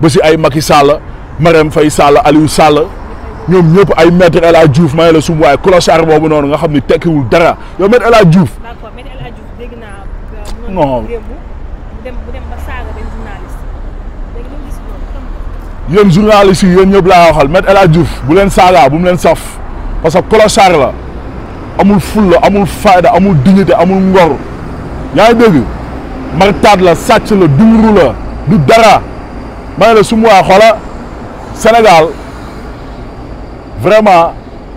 ba si ay Macky Sall Marème Faye Sall Aliou Sall ñoom ñëpp ay maître El Hadj Diouf may la sum waaye clochard boobu noonu nga xam ni tekkiwul dara yow maître El Hadj Diouf. d'accord maître El Hadj Diouf dégg naa. Euh, non bu dem bu dem ba saaga benn journaliste léegi ñu gis loolu. yéen journaliste yi yéen ñëpp laa waxal maître El Hadj Diouf bu leen saaga bu mu leen saf parce que clochard la amul fulla amul fayda amul dignité amul ngor yaa ngi dégg martaat la sàcc la dunguru la du dara. ma ne la sumuwaa xoola Sénégal vraiment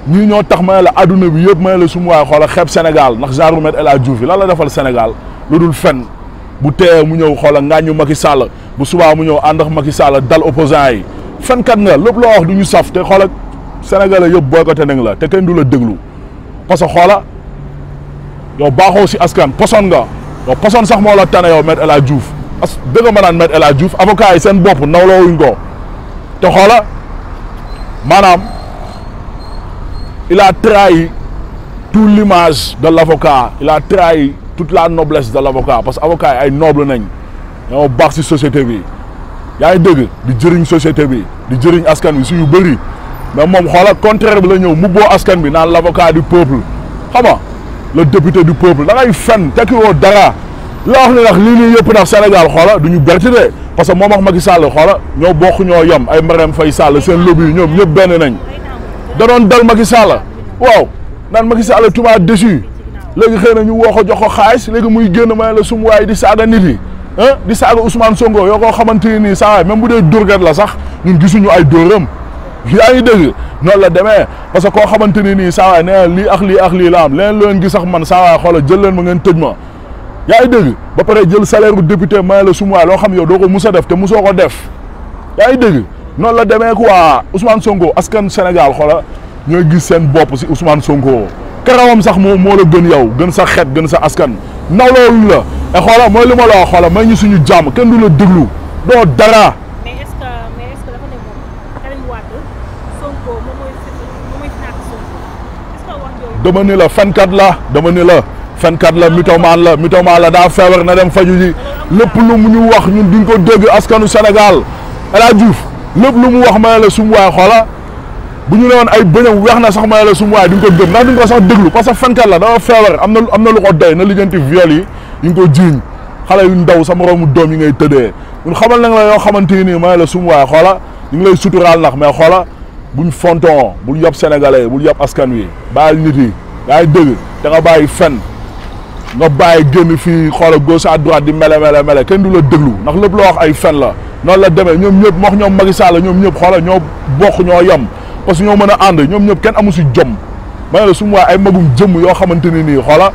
ñii ñoo tax ma ne la adduna bi yëpp ma ne la sumuwaay xoola xeeb Sénégal ndax genre lu mel El Hadj Diouf lan la defal Sénégal lu dul fen bu teeyee mu ñëw xoola ngaañu Macky Sall bu subaa mu ñëw ànd ak Macky Sall dal opposant yi fenkat nga lépp loo wax du ñu saf te xoola Sénégalais yëpp boycotté nañ la te kenn du la déglu parce que xoola yow baaxoo si askan poson nga yow poson sax moo la tane yow Me El Hadj Diouf as dëgg nga naan maître El Hadj Diouf avocat yi seen bopp nawloowuñ ko te xoola maanaam il a trahi tout l'image de l'avocat il a trahi toute la noblesse de l'avocat parce que avocat yi ay noble nañ ñoo baax ci société bi yaa ngi dëgg di jëriñ société bi di jëriñ askan bi yu bëri mais moom xoola contraire bi la ñëw mu boo askan bi naan l'avocat du peuple xam nga le député du peuple da ngay fen tekki woo dara li wax ne ndax lii lii yëpp nax senegal xoola du ñu berti de parce que moom ak Macky Sall xoola ñoo bokk ñoo yem ay Marème Faye Sall seen lobby ñoom ñëpp benn nañ da doon dal Macky Sall waaw naan Macky Sall tu m'as déçu léegi xëy na ñu woo ko jox ko xaalis léegi muy génn may la sum waaye di saaga nit yi ah di saaga Ousmane Sonko yoo koo xamante ni nii saa waay même bu dee dóorgat la sax ñun gisuñu ay dóoram yaa ngi dégg noonu la demee parce que koo xamante ni nii saa waay ak lii ak lii la am leneen gi sax man saa waay xoola jël leen ma ngeen tëj ma yaa ngi dégg ba pare jël salaire bu député may la sumuwaay loo xam yow doo ko mus def te musoo ko def yaa ngi dégg noonu la demee ko quoi Ousmane Sonko askan Sénégal xoola ñooy gis seen bopp si Ousmane Sonko karawam sax moo moo la gën yow gën sa xeet gën sa askan naw loolu la et xoola mooy li ma la xoola may ñu suñu jàmm kenn du la déglu doo dara. dama ne la fankat la dama ne la. fenkat la mythomane la mythomane la daa feebar na dem faju ji lépp lu mu ñu wax ñun duñ ko dégg askanu Sénégal El Hadj lépp lu mu wax ma la sumu waay xoola bu ñu ne woon ay bëñam weex na sax ma ne la sumu waay duñ ko gëm ndax duñ ko sax déglu parce que fenkat la dafa feebar am na am na lu ko doy na lijjanti viol yi ñu ngi ko jiiñ xale yu ndaw sa moroomu doom yi ngay tëddee ñun xamal na nga la yoo xamante nii ma ne la sumu waay xoola ñu ngi lay suturaal ndax mais xoola buñ fonton bul yab sénégalais bul yab askan wi bàyyil nit yi yaa ngi dégg da bàyyi fen nga bàyyi génn fii xoola gauche à droite di mele mele mele kenn du la déglu ndax lépp loo wax ay fen la noonu la demee ñoom ñëpp wax ñoom Macky Sall ñoom ñëpp xoola ñoo bokk ñoo yem parce ñoo mën a ànd ñoom ñëpp kenn amu si jom ma ne la su ma waay ay magum jëm yoo xamante ni nii xoola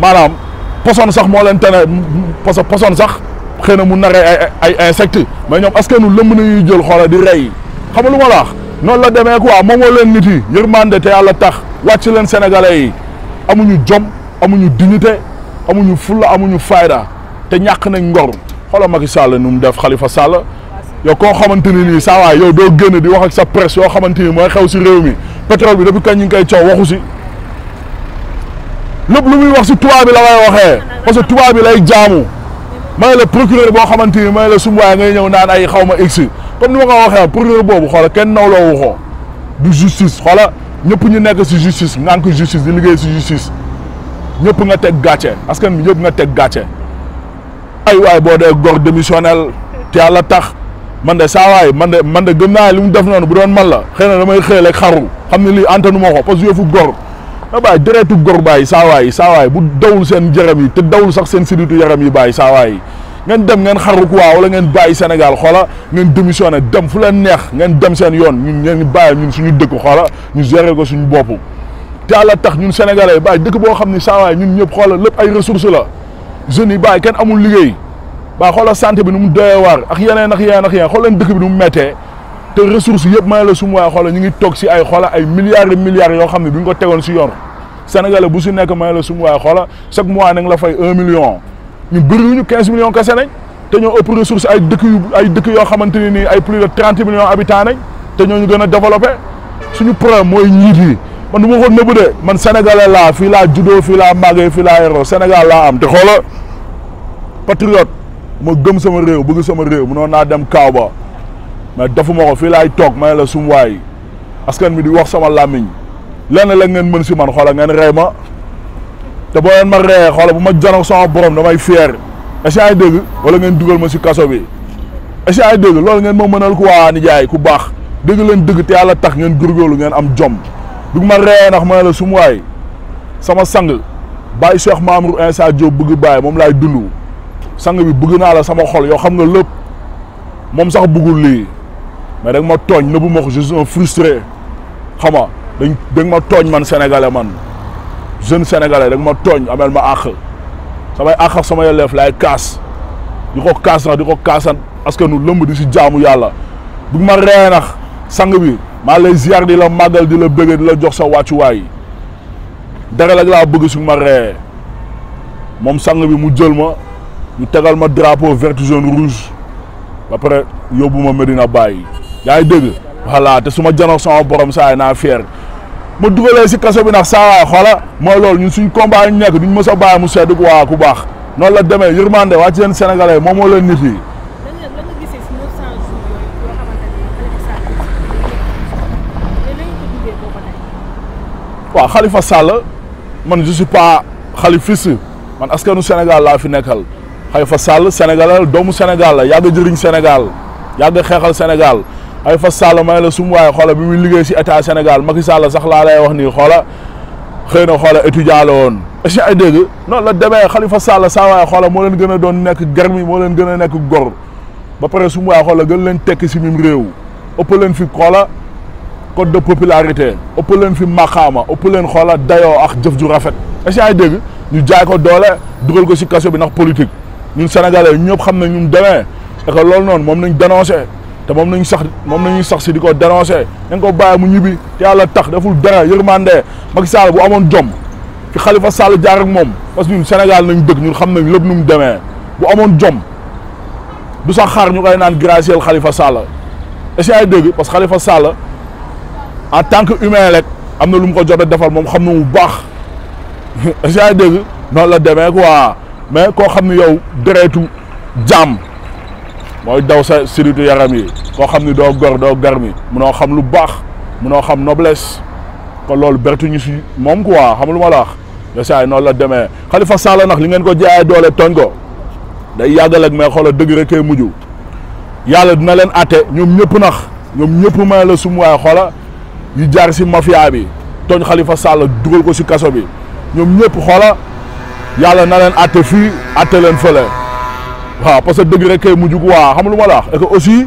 maanaam poson sax moo leen tene parce que poson sax xëy na mu naree ay ay insectes mais ñoom askanu lëmb nañuy jël xoola di rey xam nga lu ma la wax noonu la demee quoi moomoo leen nit yi yërmande te yàlla tax wàcc leen sénégalais yi amuñu jom. amuñu dignité amuñu fulla amuñu fayda te ñàkk nañ ngor xoolal Macky Sall nu mu def xalifa Sall yow koo xamante ni nii saa waay yow doo génn di wax ak sa presse yoo xamante ni mooy xew si réew mi pétrole bi depuis kañ ñu ngi koy coow waxu si lépp lu muy wax si tubaab bi la may waxee parce que tubaab bi lay jaamu may la procureur boo xamante ni may la sum waaye ngay ñëw naan ay xaw ma egsi comme ni ma ko waxee procureur boobu xoola kenn nawloo waxoo du justice xoola ñëpp ñu nekk si justice nga ko justice ñëpp nga teg gàcce askan bi ñëpp nga teg gàcce ay waay boo dee góor démissionnel te yàlla tax man de saa waay man de man de gëm naa li mu def noonu bu doon man la xëy na damay xëy rek xaru xam ne lii antanu ma ko parce que yëfu góor a bàyyi deretu góor bàyyi saa waay bu dawul seen yaram yi te dawul sax seen siritu yaram yi bàyyi saa waaye ngeen dem ngeen xaru quoi wala ngeen bàyyi Sénégal xoola ngeen démissionné dem fu leen neex ngeen dem seen yoon ñun ngeen bàyyi ñun suñu dëkk xoola ñu gérer ko suñu bopp te yàlla tax ñun sénégalais bàyyi dëkk boo xam ni saawaay ñun ñëpp xoolal lépp ay ressources la jeunes yi bàyyi kenn amul liggéey baa xoolal santé bi nu mu doyee waar ak yeneen ak yeneen ak yeneen xool leen dëkk bi nu mu méttee te ressources yëpp may la su ma xoolal ñu ngi toog si ay xoola ay milliards et milliards yoo xam ne bi ñu ko tegoon si yoon sénégalais bu si nekk may la su ma xoola chaque mois na nga la fay un million ñu bëriwuñu quinze millions kese nañ te ñoo ëpp ressources ay dëkk yu ay dëkk yoo xamante ne nii ay plus de trente millions habitants nañ te ñoo ñu gën a développé suñu problème mooy njiit yi man du ma ko nëbb de man sénégalais laa fii laa juddoo fii laa màggee fii laa yoroo Sénégal laa am te xoola patriote ma gëm sama réew bëgg sama réew mënoon naa dem kaaw ba mais dafuma ko fii laay toog may la sum waay askan mi di wax sama làmmiñ lenn la ngeen mën si man xoola ngeen rey ma te boo leen ma reyee xoola bu ma janoog sama borom damay fier est-ce ay dégg wala ngeen dugal ma si kaso bi est-ce ay dégg loolu ngeen ma mënal ku waa nijaay ku baax dégg leen dëgg yàlla tax ngeen góorgóorlu ngeen am jom du ma ree ndax ma ne la su waay sama sang Baye Cheikh Mamour Insa Diop bëgg Baye moom laay dund sang bi bëgg naa la sama xol yow xam nga lépp moom sax bëggul lii mais rek nga ma tooñ nëbbu ma ko je suis un frustré dañ da ma tooñ man sénégalais man jeune sénégalais rek nga ma tooñ amel ma àq samay àq ak sama yelleef laay kaas di ko kaas nax di ko kaasan parce que nu lëmb di si jaamu yàlla bu ma ree nax sang bi. maa lay ziar di la màggal di la bëgg di la jox sa wàccuwaay dara rek laa bëgg suñu ma ree moom sang bi mu jël ma ñu tegal ma drapeau vert jaune rouge ba pare yóbbu ma Medina Baye yaa ngi dégg voilà te su ma janoog sama borom saa yi naa fier ma dugalee si kaso bi ndax saa waay xoola mooy loolu ñun suñ combat yi nekk duñ mës a bàyyi mu sedd waa ku baax noonu la demee yërmande waa ci seen sénégalais moom moo leen nit yi waaw Khalifa Sall man je suis pas xalifiste man askanu Sénégal laa fi nekkal Khalifa Sall Sénégalais doomu Sénégal la yàgg jëriñ Sénégal yàgg xeexal Sénégal Khalifa Sall may la sum waaye xoola bi muy liggéey si état Sénégal Macky Sall sax laa lay wax nii xoola xëy na xoola étudiant la woon. est ay dégg noonu la demee Khalifa Sall saa waaye xoola moo leen gën a doon nekk garmi moo leen gën a nekk gor ba pare sum waaye xoola gën leen tekk si mim réew ëpp code de popularité ëpp leen fi maqaama ëpp leen xoola dayoo ak jëf ju rafet est-ce dégg ñu jaay ko doole dugal ko si kaso bi nax politique ñun sénégalais ñëpp xam na ñun demee et que noonu moom nañ dénoncé te moom nañ sax moom nañuy sax si di ko dénoncé nañ ko bàyyi mu ñibbi te yàlla tax deful dara yërmande Macky Sall bu amoon jom fi Khalifa Sall jaar ak moom parce que ñun Sénégal nañu dëgg ñun xam nañ lépp nu mu demee bu amoon jom du sax xaar ñu koy naan graciel Khalifa Sall est-ce que dégg parce en tant que humain rek am na lu mu ko jot a defal moom xam na mu baax yaa ngi dégg noonu la demee ko quoi mais koo xam ne yow deretu jaam mooy daw sa siritu yaram yi koo xam ni doo gor doo garmi munoo xam lu baax mu noo xam noblesse kon loolu bertuñu si moom quoi xam lu ma la wax ya saay la demee Khalifa Sall nax li ngeen ko jaayee doole tooñ ko day yàggal ak mais xoolal dëgg rek kay mujj yàlla dina leen àtte ñoom ñëpp nax ñoom ñëpp may la sum waaye yu jaar si mafia bi tooñ Khalifa Sall dugal ko si kaso bi ñoom ñëpp xoola yàlla na leen àtte fii ate leen fële waaw parce que dëgg rek mu mujj gu xam lu ma la wax et aussi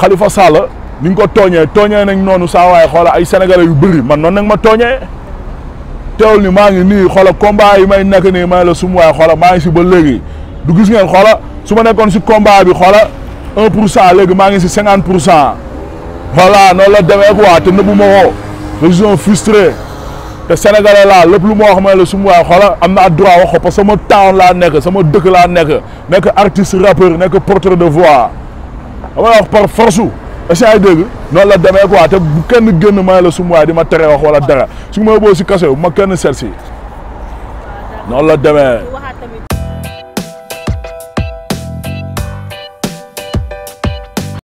Khalifa Sall ni ko tooñee tooñee nañ noonu saa waaye xoola ay sénégalais yu bëri man noonu nag ma tooñee teewul ni maa ngi nii xoola combat yi may nekk nii may la sum waaye xoola maa ngi si ba léegi du gis ngeen xoola su ma nekkoon si combat bi xoola un pour cent léegi maa ngi si cinquante pour cent voilà noonu la demee quoi te nëbbu ma ko frustré te sénégalais laa lépp lu ma wax ma la su waay xoola am naa droit wax ko parce sama town laa nekk sama dëkk laa nekk nekk artiste rappeur nekk porteur de voix dama wax par force essaye dégg noonu la demee quoi te bu kenn génn ma la su ma waay di ma tere wax wala dara su ma boo si kase bu ma kenn seet si la demee.